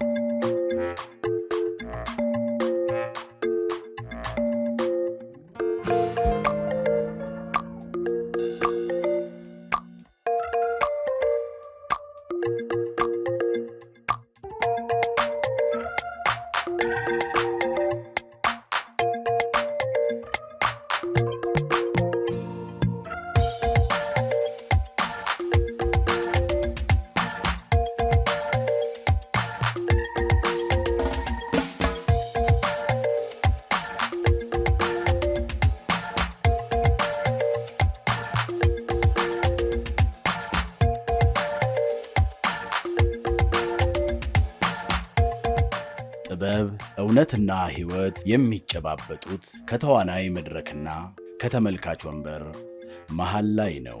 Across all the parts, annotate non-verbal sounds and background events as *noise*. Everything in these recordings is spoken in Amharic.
Música ጥበብ፣ እውነትና ሕይወት የሚጨባበጡት ከተዋናይ መድረክና ከተመልካች ወንበር መሃል ላይ ነው።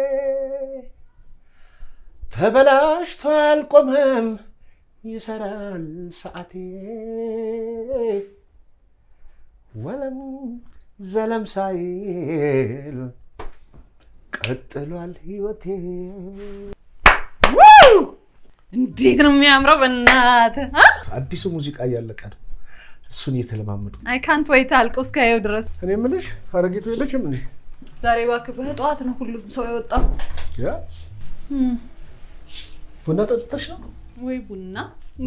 ተበላሽቶ አልቆመም ይሰራል ሰዓቴ ወለም ዘለም ሳይል ቀጥሏል ህይወቴ። እንዴት ነው የሚያምረው! በእናትህ አዲሱ ሙዚቃ እያለቀ ነው። እሱን እየተለማመዱ አይ ካንት ወይ ታልቆ እስካየው ድረስ እኔ ምልሽ አረጌቱ የለችም ዛሬ። እባክህ በጠዋት ነው ሁሉም ሰው የወጣው። ቡና ጠጥተሽ ነው ወይ? ቡና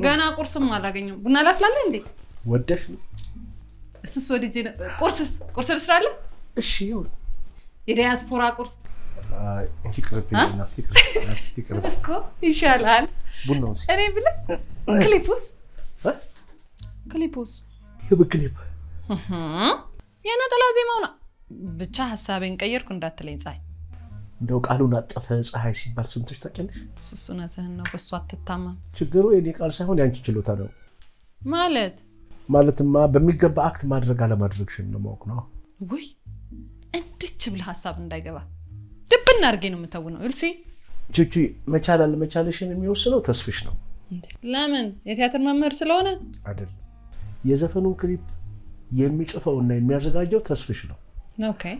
ገና ቁርስም አላገኘሁም። ቡና ላፍላለ እንዴ? ወደሽ ነው? እሱስ ወድጄ ነው። ቁርስስ ቁርስ ልስራለ? እሺ ይሁን። የዲያስፖራ ቁርስ እኮ ይሻላል። እኔ ብለ ክሊፕስ ክሊፑስ ክሊፑስ የነጠላ ዜማው ነው። ብቻ ሀሳቤን ቀየርኩ እንዳትለኝ ፀሐይ እንደው ቃሉን አጠፈ ፀሐይ ሲባል ሰምተሽ ታውቂያለሽ? እሱ እውነትህን ነው። በእሱ አትታማም። ችግሩ የኔ ቃል ሳይሆን የአንቺ ችሎታ ነው። ማለት ማለትማ በሚገባ አክት ማድረግ አለማድረግሽን ለማወቅ ነው። ወይ እንድች ብለህ ሀሳብ እንዳይገባ ድብና አድርጌ ነው የምተውነው። ልሲ ቹቹ መቻል አለመቻልሽን የሚወስነው ተስፍሽ ነው። ለምን የቲያትር መምህር ስለሆነ አይደል? የዘፈኑን ክሊፕ የሚጽፈውና የሚያዘጋጀው ተስፍሽ ነው።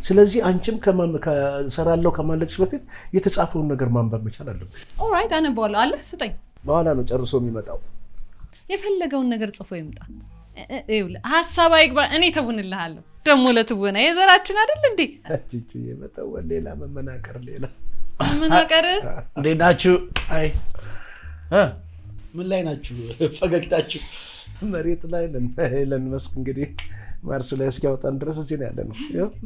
ስለዚህ አንቺም ሰራለው ከማለትሽ በፊት የተጻፈውን ነገር ማንበብ መቻል አለብሽ። ኦራይት አነበዋለሁ። አለ ስጠኝ። በኋላ ነው ጨርሶ የሚመጣው። የፈለገውን ነገር ጽፎ ይምጣ። ሀሳብ አይግባ። እኔ ተውንልሃለሁ። ደግሞ ለትወና የዘራችን አይደል እንዴ? መተወን ሌላ፣ መመናቀር ሌላ። መመናቀር እንዴት ናችሁ? አይ ምን ላይ ናችሁ? ፈገግታችሁ መሬት ላይ ለመስክ እንግዲህ ማርስ ላይ እስኪያወጣን ድረስ እዚህ ነው ያለ ነው።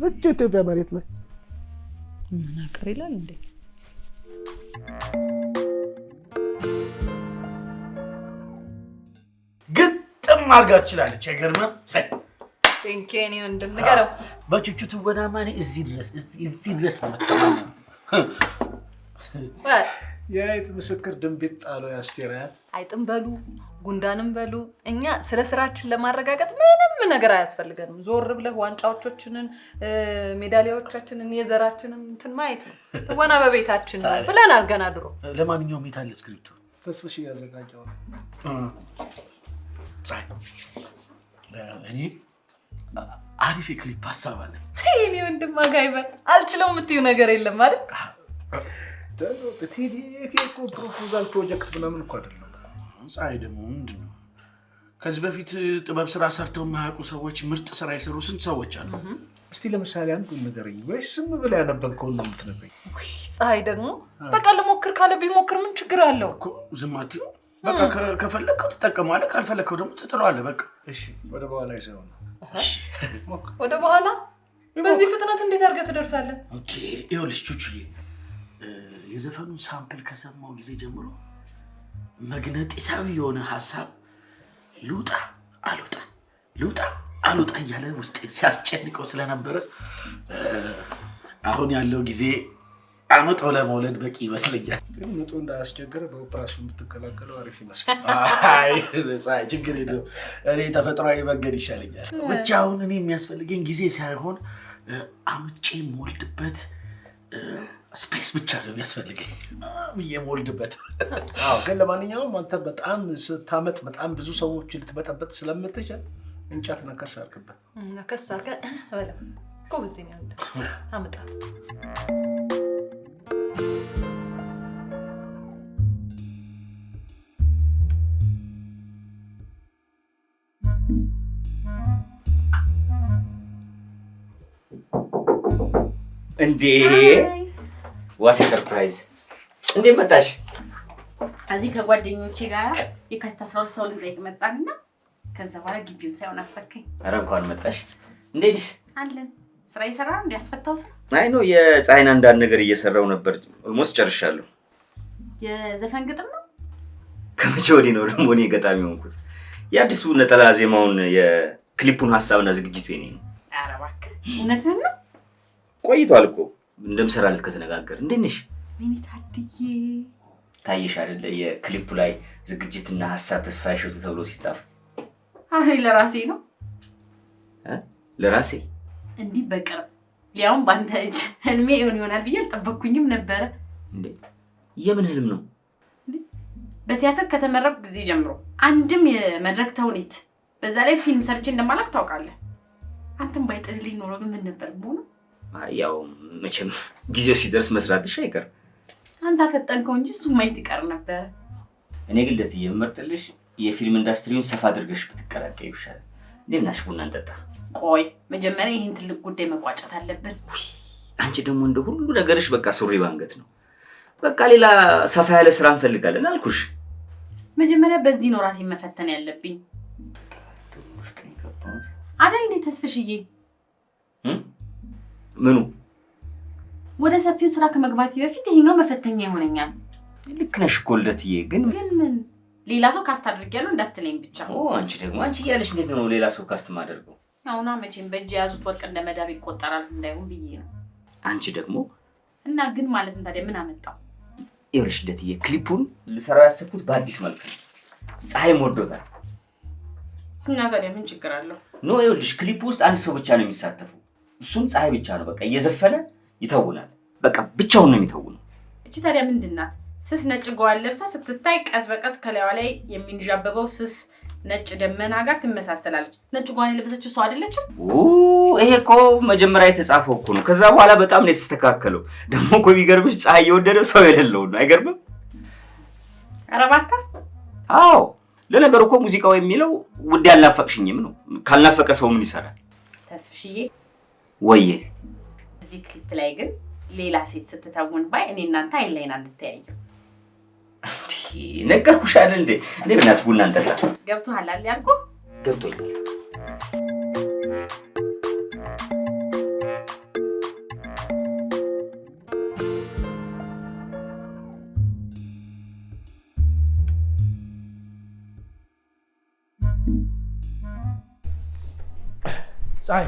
ዝች ኢትዮጵያ መሬት ላይ ምናቀር ይላል እንዴ? ግጥም አድርጋ ትችላለች። አይገርምም? በቹቹ ወደ ማን እዚህ ድረስ እዚህ ድረስ የአይጥ ምስክር ድንቢት ጣሎ ያስቴራያል። አይጥም በሉ ጉንዳንም በሉ እኛ ስለ ስራችን ለማረጋገጥ ምንም ምንም ነገር አያስፈልገንም። ዞር ብለህ ዋንጫዎቻችንን፣ ሜዳሊያዎቻችንን፣ የዘራችንን እንትን ማየት ነው። ትወና በቤታችን ነው ብለናል ገና ድሮ። ለማንኛውም የታለ ስክሪፕቱ? ተስፍሽ እያዘጋጀው ነው። እኔ አሪፍ የክሊፕ ሀሳብ አለ። እኔ ወንድም ጋይበር አልችለው የምትዩ ነገር የለም አይደል? ቴዲ ፕሮፖዛል ፕሮጀክት ምናምን እኮ አይደለም። ፀሐይ ደግሞ ምንድን ነው ከዚህ በፊት ጥበብ ስራ ሰርተው የማያውቁ ሰዎች ምርጥ ስራ የሰሩ ስንት ሰዎች አሉ። እስቲ ለምሳሌ አንዱ ንገረኝ። ወይ ስም ብለ ያነበብከውን ነው የምትነግረኝ? ፀሐይ ደግሞ በቃ ልሞክር ካለ ቢሞክር ምን ችግር አለው? ዝማት በቃ ከፈለግከው ትጠቀመዋለህ፣ ካልፈለግከው ደግሞ ትጥለዋለህ። በቃ እሺ። ወደ በኋላ ነው። ወደ በኋላ በዚህ ፍጥነት እንዴት አድርገህ ትደርሳለህ? ይኸውልሽ ቹቹዬ፣ የዘፈኑን ሳምፕል ከሰማው ጊዜ ጀምሮ መግነጢሳዊ የሆነ ሀሳብ ልውጣ አልውጣ ልውጣ አልውጣ እያለ ውስጤ ሲያስጨንቀው ስለነበረ አሁን ያለው ጊዜ አመጣው ለመውለድ በቂ ይመስለኛል። ግን ምጡ እንዳያስቸግር በኦፕራሽን የምትከላከለው አሪፍ ይመስላል። *laughs* ችግር የለውም። እኔ ተፈጥሯዊ መንገድ ይሻለኛል። ብቻ አሁን እኔ የሚያስፈልገኝ ጊዜ ሳይሆን አምጬ የምወልድበት ስፔስ ብቻ ነው የሚያስፈልገኝ ብዬ የምወልድበት። *laughs* ግን ለማንኛውም አንተ በጣም ስታመጥ በጣም ብዙ ሰዎች ልትመጠበጥ ስለምትችል እንጨት ነከስ አድርግበት። ነከስ አድርገህ ጎበዝ ነኝ አንተ *laughs* አመጣለሁ። እንዴ ዋት ሰርፕራይዝ! እንዴ መጣሽ? እዚህ ከጓደኞቼ ጋር የካቲት አስራ ሁለት ሰው ልንጠይቅ መጣንና ከዛ በኋላ ግቢውን ሳይሆን አፈከኝ። ኧረ እንኳን መጣሽ። እንዴት ነሽ? አለን። ስራ እየሰራ ነው እንዲያስፈታው ሰው አይ ነው የፀሐይን አንዳንድ ነገር እየሰራው ነበር። ኦልሞስት ጨርሻለሁ። የዘፈን ግጥም ነው። ከመቼ ወዲህ ነው ደግሞ እኔ ገጣሚ ሆንኩት? የአዲሱ ነጠላ ዜማውን የክሊፑን ሀሳብና ዝግጅቱ የእኔ ነው። ኧረ እባክህ እውነትህን ነው? ቆይቷል እኮ እንደምሰራለት ከተነጋገር እንዴት ሚኒት አድዬ ታየሽ አይደለ? የክሊፑ ላይ ዝግጅትና ሀሳብ ተስፋ ያሸቱ ተብሎ ሲጻፍ አይ ለራሴ ነው ለራሴ እንዲህ በቅርብ ሊያውም በአንተ እጅ ህልሜ ይሆን ይሆናል ብዬ አልጠበኩኝም ነበረ። እንዴ የምን ህልም ነው? በቲያትር ከተመረቁ ጊዜ ጀምሮ አንድም የመድረክ ተውኔት፣ በዛ ላይ ፊልም ሰርቼ እንደማላቅ ታውቃለህ። አንተም ባይጥልልኝ ኖሮ ምን ነበር ሆነው? ያው መቼም ጊዜው ሲደርስ መስራትሽ አይቀርም። አንተ አፈጠንከው እንጂ እሱ ማየት ይቀር ነበረ። እኔ ግን ለትዬ የምመርጥልሽ የፊልም ኢንዱስትሪውን ሰፋ አድርገሽ ብትቀላቀይ ይሻላል። ሌምናሽ ቡና እንጠጣ። ቆይ መጀመሪያ ይህን ትልቅ ጉዳይ መቋጨት አለብን። አንቺ ደግሞ እንደ ሁሉ ነገርሽ በቃ ሱሪ ባንገት ነው። በቃ ሌላ ሰፋ ያለ ስራ እንፈልጋለን አልኩሽ። መጀመሪያ በዚህ ነው ራሴን መፈተን ያለብኝ አዳ እንዴ ተስፍሽዬ? ምኑ ወደ ሰፊው ስራ ከመግባት በፊት ይሄኛው መፈተኛ ይሆነኛል። ልክ ነሽ እኮ ልደትዬ። ግን ግን ምን ሌላ ሰው ካስት አድርጊያለሁ እንዳትለኝ ብቻ። አንቺ ደግሞ አንቺ እያለሽ እንዴት ነው ሌላ ሰው ካስት ማደርገው? አሁና መቼም በእጅ የያዙት ወርቅ እንደ መዳብ ይቆጠራል እንዳይሆን ብዬ ነው። አንቺ ደግሞ እና ግን ማለት ታዲያ ምን አመጣው? ይኸውልሽ ልደትዬ፣ ክሊፑን ልሰራው ያሰብኩት በአዲስ መልክ ነው። ፀሐይም ወዶታል። እና ታዲያ ምን ችግር አለው? ኖ ይኸውልሽ፣ ክሊፕ ውስጥ አንድ ሰው ብቻ ነው የሚሳተፈው እሱም ፀሐይ ብቻ ነው። በቃ እየዘፈነ ይተውናል። በቃ ብቻውን ነው የሚተውነው። እቺ ታዲያ ምንድን ናት? ስስ ነጭ ጓዋን ለብሳ ስትታይ ቀስ በቀስ ከላይዋ ላይ የሚንዣበበው ስስ ነጭ ደመና ጋር ትመሳሰላለች። ነጭ ጓን የለበሰችው ሰው አይደለችም። ይሄ እኮ መጀመሪያ የተጻፈው እኮ ነው። ከዛ በኋላ በጣም ነው የተስተካከለው። ደግሞ እኮ የሚገርምሽ ፀሐይ የወደደው ሰው የሌለው ነው። አይገርምም? ኧረ እባክህ። አዎ ለነገሩ እኮ ሙዚቃው የሚለው ውድ ያልናፈቅሽኝም ነው። ካልናፈቀ ሰው ምን ይሰራል? ተስፍሽዬ ወየ እዚህ ክሊፕ ላይ ግን ሌላ ሴት ስትተውን ባይ እኔ እናንተ አይን ላይ ናት እንተያዩ። ነገርኩሽ አይደል እንዴ? እኔ ብናስ ቡና እንጠጣ። ገብቶሃል አይደል ያልኩህ? ገብቶኛል። ፀሐይ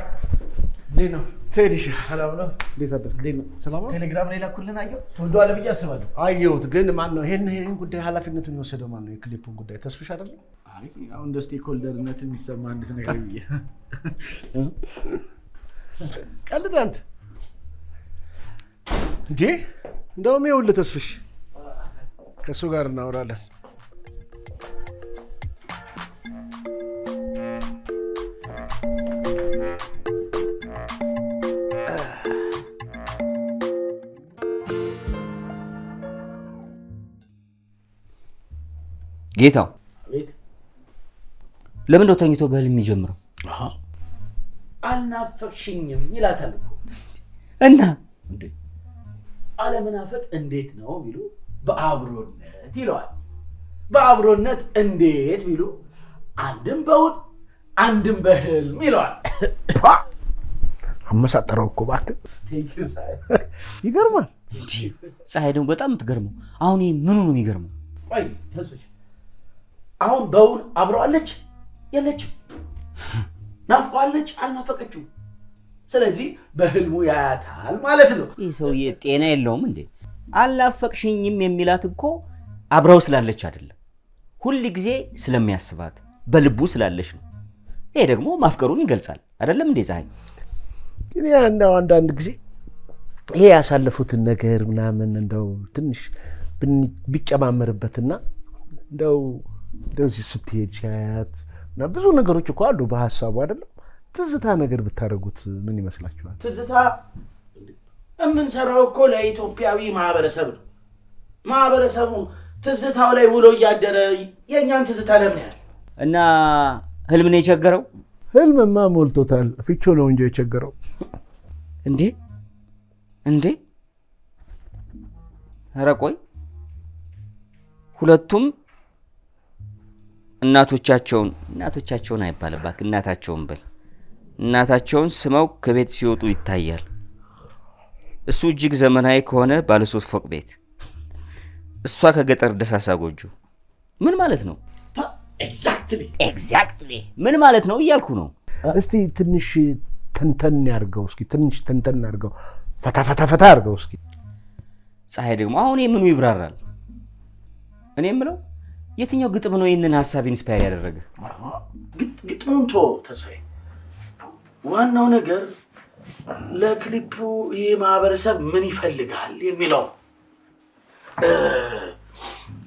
እንዴት ነው ቴዲሽ? ሰላም ነው። እንዴት አደርክ? እንዴት ነው? ሰላም ነው። ቴሌግራም ላይ ላኩልን። አየሁ ተወዷል ብዬ አስባለሁ። አየሁት ግን ማን ነው ይሄን ይሄን ጉዳይ ኃላፊነቱን የወሰደው ማን ነው? የክሊፑን ጉዳይ ተስፍሽ አይደለ? አይ አሁን እንደ ስቴክሆልደርነት የሚሰማ አንዲት ነገር ብዬ ቀልድ። አንተ እንዴ እንደውም ይኸውልህ ተስፍሽ ከእሱ ጋር እናወራለን ጌታው ለምን ነው ተኝቶ በህልም የሚጀምረው? አልናፈቅሽኝም ይላታል እና አለመናፈቅ እንዴት ነው ቢሉ በአብሮነት ይለዋል። በአብሮነት እንዴት ቢሉ አንድም በውን አንድም በህልም ይለዋል። አመሳጠረው እኮ እባክህ፣ ይገርማል። ፀሐይ ደግሞ በጣም የምትገርመው አሁን ምኑ ነው የሚገርመው? አሁን በውን አብረዋለች የለችም፣ ናፍቋለች አልናፈቀችው። ስለዚህ በህልሙ ያያታል ማለት ነው። ይህ ሰውዬ ጤና የለውም እንዴ? አላፈቅሽኝም የሚላት እኮ አብረው ስላለች አይደለም፣ ሁል ጊዜ ስለሚያስባት በልቡ ስላለች ነው። ይሄ ደግሞ ማፍቀሩን ይገልጻል አይደለም እንዴ? ፀሐይ ግን እንደው አንዳንድ ጊዜ ይሄ ያሳለፉትን ነገር ምናምን እንደው ትንሽ ቢጨማመርበትና ። እንደው እንደዚህ ስትሄድ ሲያያት እና ብዙ ነገሮች እኮ አሉ በሀሳቡ አይደለም። ትዝታ ነገር ብታደርጉት ምን ይመስላችኋል? ትዝታ የምንሰራው እኮ ለኢትዮጵያዊ ማህበረሰብ ነው። ማህበረሰቡ ትዝታው ላይ ውሎ እያደረ የእኛን ትዝታ ለምን ያህል እና ህልምን የቸገረው። ህልምማ ሞልቶታል። ፊቾ ነው እንጂ የቸገረው። እንዴ እንዴ! ረቆይ ሁለቱም እናቶቻቸውን እናቶቻቸውን አይባልባክ እናታቸውን በል እናታቸውን ስመው ከቤት ሲወጡ ይታያል። እሱ እጅግ ዘመናዊ ከሆነ ባለሶስት ፎቅ ቤት፣ እሷ ከገጠር ደሳሳ ጎጆ። ምን ማለት ነው? ኤግዛክትሊ ምን ማለት ነው እያልኩ ነው። እስቲ ትንሽ ተንተን ያርገው እስኪ ትንሽ ተንተን ያርገው፣ ፈታ ፈታ ፈታ ያርገው እስኪ። ፀሐይ ደግሞ አሁን ምኑ ይብራራል? እኔ የምለው የትኛው ግጥም ነው ይህንን ሀሳብ ኢንስፓየር ያደረገ? ግጥሙን ቶ ተስፋዬ፣ ዋናው ነገር ለክሊፑ ይህ ማህበረሰብ ምን ይፈልጋል የሚለው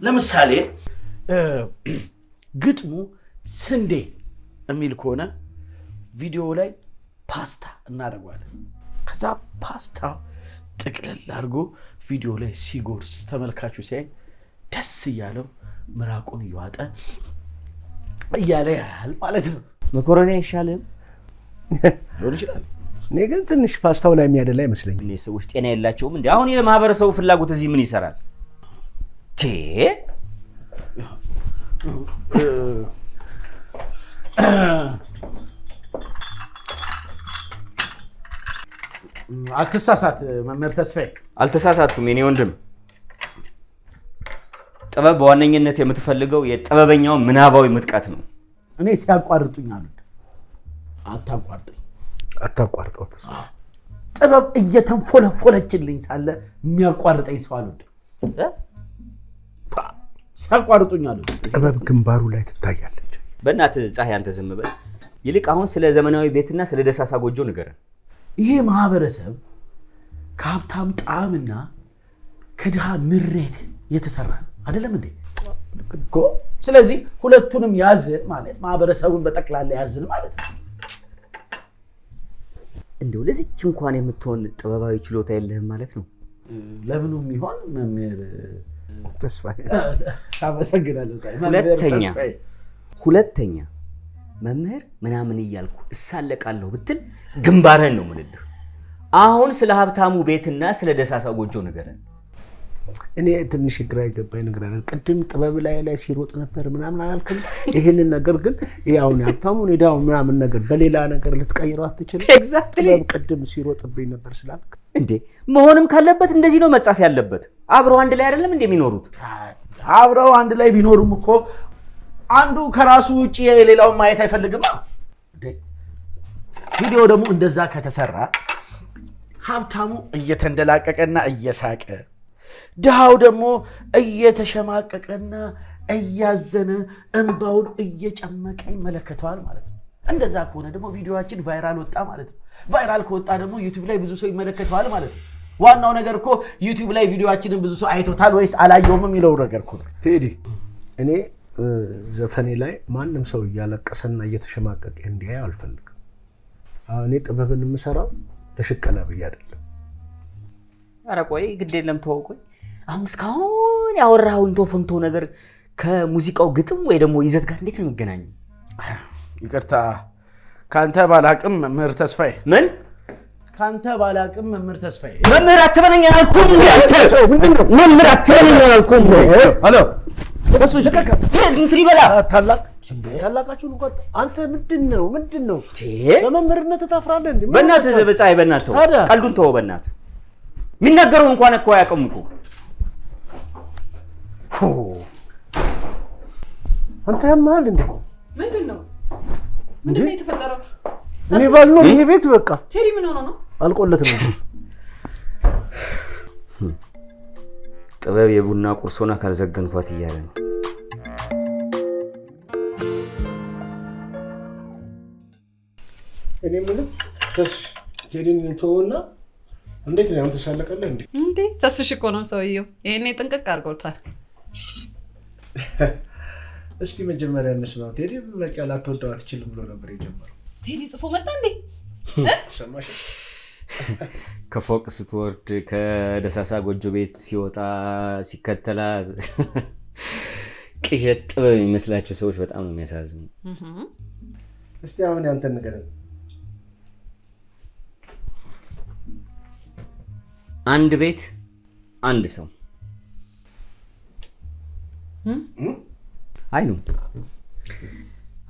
ለምሳሌ ግጥሙ ስንዴ የሚል ከሆነ ቪዲዮ ላይ ፓስታ እናደርጓለን። ከዛ ፓስታ ጥቅልል አድርጎ ቪዲዮ ላይ ሲጎርስ ተመልካቹ ሲያይ ደስ እያለው ምራቁን እየዋጠ እያለ ያህል ማለት ነው። መኮረኒ አይሻልም ሊሆን ይችላል። እኔ ግን ትንሽ ፓስታው ላይ የሚያደላ ይመስለኛል። ሰዎች ጤና የላቸውም። እንዲ አሁን የማህበረሰቡ ፍላጎት እዚህ ምን ይሰራል? ቴ አትሳሳት መምህር ተስፋዬ። አልተሳሳትኩም የኔ ወንድም ጥበብ በዋነኝነት የምትፈልገው የጥበበኛው ምናባዊ ምጥቀት ነው። እኔ ሲያቋርጡኝ አሉ አታቋርጡኝ፣ አታቋርጠው። ጥበብ እየተንፎለፎለችልኝ ሳለ የሚያቋርጠኝ ሰው አሉ ሲያቋርጡኝ አሉ። ጥበብ ግንባሩ ላይ ትታያለች። በእናትህ ፀሐይ፣ አንተ ዝም በል። ይልቅ አሁን ስለ ዘመናዊ ቤትና ስለ ደሳሳ ጎጆ ንገረን። ይሄ ማህበረሰብ ከሀብታም ጣዕምና ከድሃ ምሬት የተሰራ ነው። አይደለም እንዴ? ስለዚህ ሁለቱንም ያዝን ማለት ማህበረሰቡን በጠቅላላ ያዝን ማለት ነው። እንዲሁ ለዚች እንኳን የምትሆን ጥበባዊ ችሎታ የለህም ማለት ነው። ለምኑ የሚሆን መምህር ተስፋዬ አመሰግናለሁ። ሁለተኛ ሁለተኛ መምህር ምናምን እያልኩ እሳለቃለሁ ብትል ግንባርህን ነው ምልልህ። አሁን ስለ ሀብታሙ ቤትና ስለ ደሳሳ ጎጆ ንገረን። እኔ ትንሽ ግራ የገባኝ ነገር አለ። ቅድም ጥበብ ላይ ላይ ሲሮጥ ነበር ምናምን አላልክም? ይህንን ነገር ግን አሁን ሀብታሙ ሄዳው ምናምን ነገር በሌላ ነገር ልትቀይረው አትችልም። ጥበብ ቅድም ሲሮጥብኝ ነበር ስላልክ እንዴ፣ መሆንም ካለበት እንደዚህ ነው መጻፍ ያለበት። አብረው አንድ ላይ አይደለም እንደ የሚኖሩት። አብረው አንድ ላይ ቢኖሩም እኮ አንዱ ከራሱ ውጭ የሌላውን ማየት አይፈልግም። ቪዲዮ ደግሞ እንደዛ ከተሰራ ሀብታሙ እየተንደላቀቀና እየሳቀ ድሃው ደግሞ እየተሸማቀቀና እያዘነ እንባውን እየጨመቀ ይመለከተዋል ማለት ነው። እንደዛ ከሆነ ደግሞ ቪዲዮችን ቫይራል ወጣ ማለት ነው። ቫይራል ከወጣ ደግሞ ዩቲዩብ ላይ ብዙ ሰው ይመለከተዋል ማለት ነው። ዋናው ነገር እኮ ዩቲዩብ ላይ ቪዲዮችንን ብዙ ሰው አይቶታል ወይስ አላየውም የሚለው ነገር እኮ ነው። ቴዲ እኔ ዘፈኔ ላይ ማንም ሰው እያለቀሰና እየተሸማቀቀ እንዲያ አልፈልግም። እኔ ጥበብን የምሰራው ለሽቀላ ብዬ አይደለም። ኧረ ቆይ ግድ የለም አሁን እስካሁን ያወራኸውን ቶፈንቶ ነገር ከሙዚቃው ግጥም ወይ ደግሞ ይዘት ጋር እንዴት ነው የሚገናኘው? ይቅርታ ከአንተ ባላቅም መምህር ተስፋዬ ምን ከአንተ ባላቅም መምህር ተስፋዬ መምህር አትበለኝ አላልኩም? መምህር አትበለኝ አላልኩም? አሎ እንትን ይበላ ታላቅ ታላቃችሁ እንኳን አንተ ምንድን ነው ምንድን ነው በመምህርነት ታፍራለህ እንዴ? በእናትህ በፀሐይ በእናትህ ቀልዱን ተወው። በእናትህ የሚናገረው እንኳን እኮ አያውቅም እኮ አንተ ያመሃል እንዴ? ምንድን ነው ምንድን ነው የተፈጠረው? እኔ ይሄ ቤት በቃ ቴሪ ምን ሆኖ ነው አልቆለት ነው። ጥበብ የቡና ቁርሶና ካልዘገንኳት እያለ ነው። እኔ የምልህ ተስፋ ቴሪን ተወውና እንዴት ነው ሳለቀለ እንዴ? እንዴ ተስፍሽ እኮ ነው ሰውየው። ይሄኔ ጥንቅቅ አድርጎታል። *laughs* እስቲ መጀመሪያ እንስማው። ቴዲ በቃ ላትወደው አትችልም ብሎ ነበር የጀመረው። ቴዲ ጽፎ መጣ እንዴ? ሰማሽ? ከፎቅ ስትወርድ ከደሳሳ ጎጆ ቤት ሲወጣ ሲከተላ *laughs* ቅዠት ጥበብ የሚመስላቸው ሰዎች በጣም ነው የሚያሳዝኑ። እስቲ አሁን ያንተን ንገረን። አንድ ቤት አንድ ሰው አይ ነው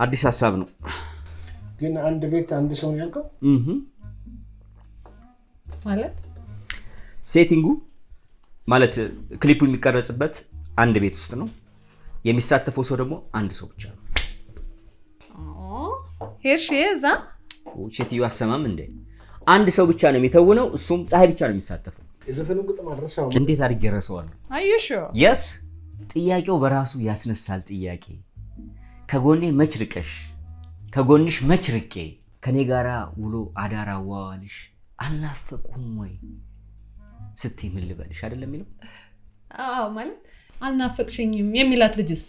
አዲስ ሀሳብ ነው። ግን አንድ ቤት አንድ ሰው ያልከው ማለት ሴቲንጉ ማለት ክሊፑ የሚቀረጽበት አንድ ቤት ውስጥ ነው። የሚሳተፈው ሰው ደግሞ አንድ ሰው ብቻ ነው። ሄርሽ እዛ ሴትዮ አሰማም እንደ አንድ ሰው ብቻ ነው የሚተውነው፣ እሱም ፀሐይ ብቻ ነው የሚሳተፈው። እንዴት አድርጌ ረሰዋለሁ? ነው የስ ጥያቄው በራሱ ያስነሳል ጥያቄ። ከጎኔ መች ርቀሽ፣ ከጎንሽ መች ርቄ፣ ከኔ ጋራ ውሎ አዳር አዋዋልሽ አልናፈቁም ወይ ስትይ ምን ልበልሽ አይደለም የሚለው ማለት አልናፈቅሽኝም የሚላት ልጅስ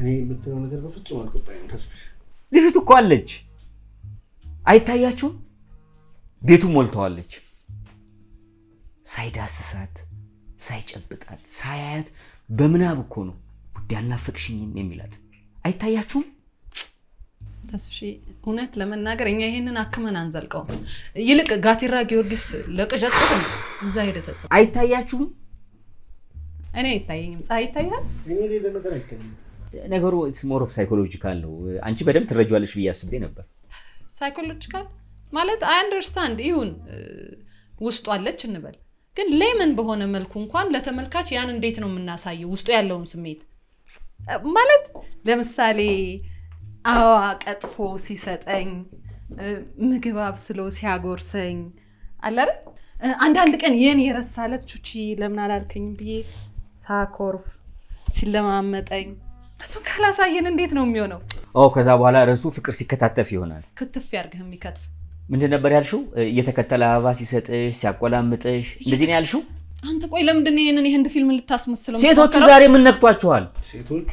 እኔ የምትለው ነገር በፍጹም አልቆጣኝም። ተስፋሽ ልጁ እኮ አለች፣ አይታያችሁም? ቤቱ ሞልተዋለች። ሳይዳስሳት ሳይጨብጣት ሳያያት በምናብ እኮ ነው ውዴ አልናፈቅሽኝም የሚላት አይታያችሁም? ተስሺ እውነት ለመናገር እኛ ይሄንን አክመን አንዘልቀውም። ይልቅ ጋቲራ ጊዮርጊስ ለቅዠት ጥቅም እዛ ሄደ ተጽ አይታያችሁም? እኔ አይታየኝም። ፀሐይ ይታያል። ነገሩ ሞሮፍ ሳይኮሎጂካል ነው። አንቺ በደንብ ትረጃዋለሽ ብዬ አስቤ ነበር። ሳይኮሎጂካል ማለት አይ አንደርስታንድ ይሁን ውስጡ አለች እንበል ግን ሌምን በሆነ መልኩ እንኳን ለተመልካች ያን እንዴት ነው የምናሳየው? ውስጡ ያለውን ስሜት ማለት ለምሳሌ አዋ ቀጥፎ ሲሰጠኝ፣ ምግብ አብስሎ ሲያጎርሰኝ አላረ አንዳንድ ቀን ይህን የረሳለት ቹቺ ለምን አላልከኝም ብዬ ሳኮርፍ ሲለማመጠኝ እሱን ካላሳየን እንዴት ነው የሚሆነው? ከዛ በኋላ ርዕሱ ፍቅር ሲከታተፍ ይሆናል። ክትፍ ያርግህ የሚከትፍ ምንድን ነበር ያልሽው? እየተከተለ አበባ ሲሰጥሽ ሲያቆላምጥሽ እንደዚህ ነው ያልሽው? አንተ ቆይ ለምንድን ነው ይሄንን የህንድ ፊልም ልታስመስለው? ሴቶች ዛሬ ምን ነክቷችኋል? ሴቶቹ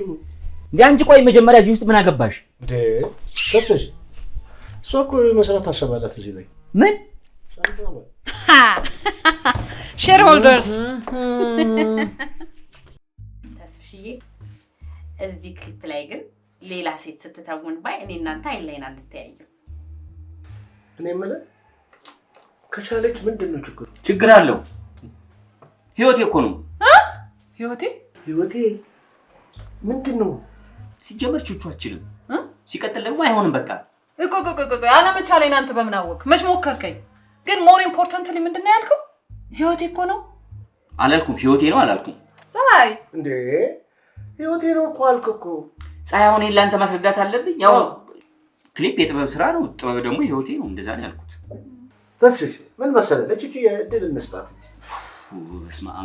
እንዲ አንቺ ቆይ መጀመሪያ እዚህ ውስጥ ምን አገባሽ? ከፍሽ እሷ እኮ መስራት ታሰባላት እዚህ ላይ ምን ሼርሆልደርስ ሆልደርስ ተስፍሽዬ፣ እዚህ ክሊፕ ላይ ግን ሌላ ሴት ስትተውን ባይ እኔ እናንተ አይን ላይን ና እኔ የምልህ ከቻለች ምንድን ነው ችግሩ? ችግር አለው። ህይወቴ እኮ ነው ህይወቴ ህይወቴ ምንድን ነው ሲጀመር ቹቹ አችልም፣ ሲቀጥል ደግሞ አይሆንም። በቃ እኮ እኮ እኮ በምን አወቅ? መች ሞከርከኝ? ግን ሞር ኢምፖርታንትሊ ምንድን ነው ያልከው? ህይወቴ እኮ ነው አላልኩም። ህይወቴ ነው አላልኩም። ፀሐይ እንዴ ህይወቴ ነው እኮ አልክ እኮ። ፀሐይ አሁን ለአንተ ማስረዳት አለብኝ ያው ክሊፕ የጥበብ ስራ ነው። ጥበብ ደግሞ ህይወቴ ነው። እንደዛ ነው ያልኩት። ተስፊሽ ምን መሰለ ለቹቹ የእድል እንስጣት።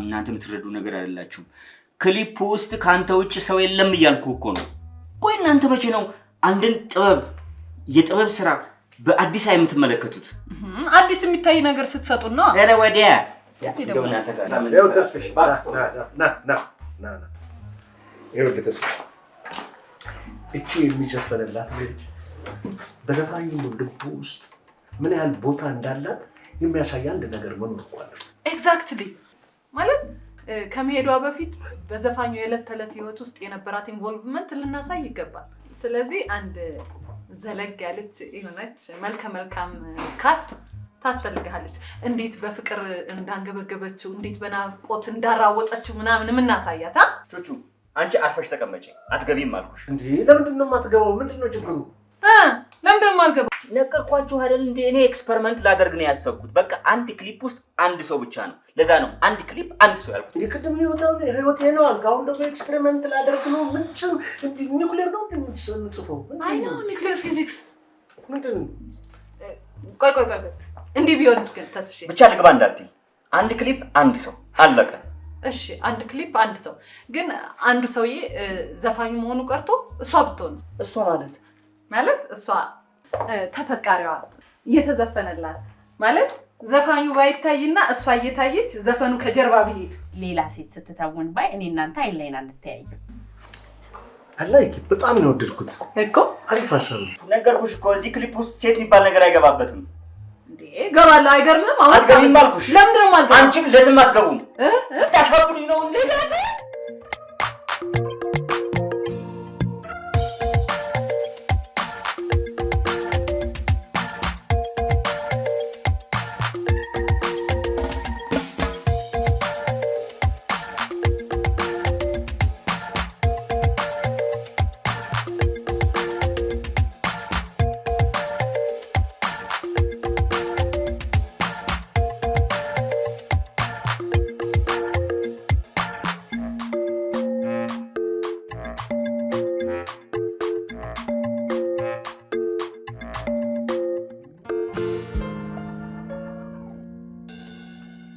እናንተ የምትረዱ ነገር አይደላችሁም። ክሊፕ ውስጥ ከአንተ ውጭ ሰው የለም እያልኩ እኮ ነው። ቆይ እናንተ መቼ ነው አንድን ጥበብ የጥበብ ስራ በአዲስ አይ የምትመለከቱት? አዲስ የሚታይ ነገር ስትሰጡ ነው። ኧረ ወዲያ ይኸውልህ እቺ የሚዘፈንላት ልጅ በዘፋኙ ልቡ ውስጥ ምን ያህል ቦታ እንዳላት የሚያሳይ አንድ ነገር መኖር ኳለ ኤግዛክትሊ ማለት ከመሄዷ በፊት በዘፋኙ የዕለት ተዕለት ህይወት ውስጥ የነበራት ኢንቮልቭመንት ልናሳይ ይገባል። ስለዚህ አንድ ዘለግ ያለች የሆነች መልከ መልካም ካስት ታስፈልግሃለች። እንዴት በፍቅር እንዳንገበገበችው፣ እንዴት በናፍቆት እንዳራወጠችው ምናምን የምናሳያት ቹቹ፣ አንቺ አርፈሽ ተቀመጪ፣ አትገቢም አልኩሽ። እንዲህ ለምንድን ነው የማትገባው? ምንድን ነው ችግሩ? ለምን ደግሞ አልገባ? ነገርኳችሁ አይደል እንደ እኔ ኤክስፐሪመንት ላደርግ ነው ያሰብኩት። በቃ አንድ ክሊፕ ውስጥ አንድ ሰው ብቻ ነው። ለዛ ነው አንድ ክሊፕ አንድ ሰው ያልኩት። የቅድም ህይወቴ ነው አልክ። አሁን ደግሞ ኤክስፐሪመንት ላደርግ ነው። ምን ስም እንዲህ ኒውክሌር ነው የምጽፈው? አይ ነው ኒውክሌር ፊዚክስ ምንድን ነው? ቆይ ቆይ ቆይ፣ እንዲህ ቢሆን እስከ ተስፍሽ ብቻ ልግባ እንዳትይ። አንድ ክሊፕ አንድ ሰው አለቀ። እሺ አንድ ክሊፕ አንድ ሰው ግን አንዱ ሰውዬ ዘፋኙ መሆኑ ቀርቶ እሷ ብትሆን እሷ ማለት ማለት እሷ ተፈቃሪዋ እየተዘፈነላት ማለት ዘፋኙ ባይታይና እሷ እየታየች ዘፈኑ ከጀርባ ብሄድ ሌላ ሴት ስትተውን ባይ እኔ እናንተ አይን ላይን አንተያየ። አላይክ በጣም ነው ወደድኩት እኮ አሪፍ ነገርኩሽ እኮ እዚህ ክሊፕ ውስጥ ሴት የሚባል ነገር አይገባበትም። ገባለሁ። አይገርምም? አሁን አትገቢም አልኩሽ። ለምንድነው ማልገባ? አንቺም ለትም አትገቡም። ታስፈቡኝ ነው ልጋት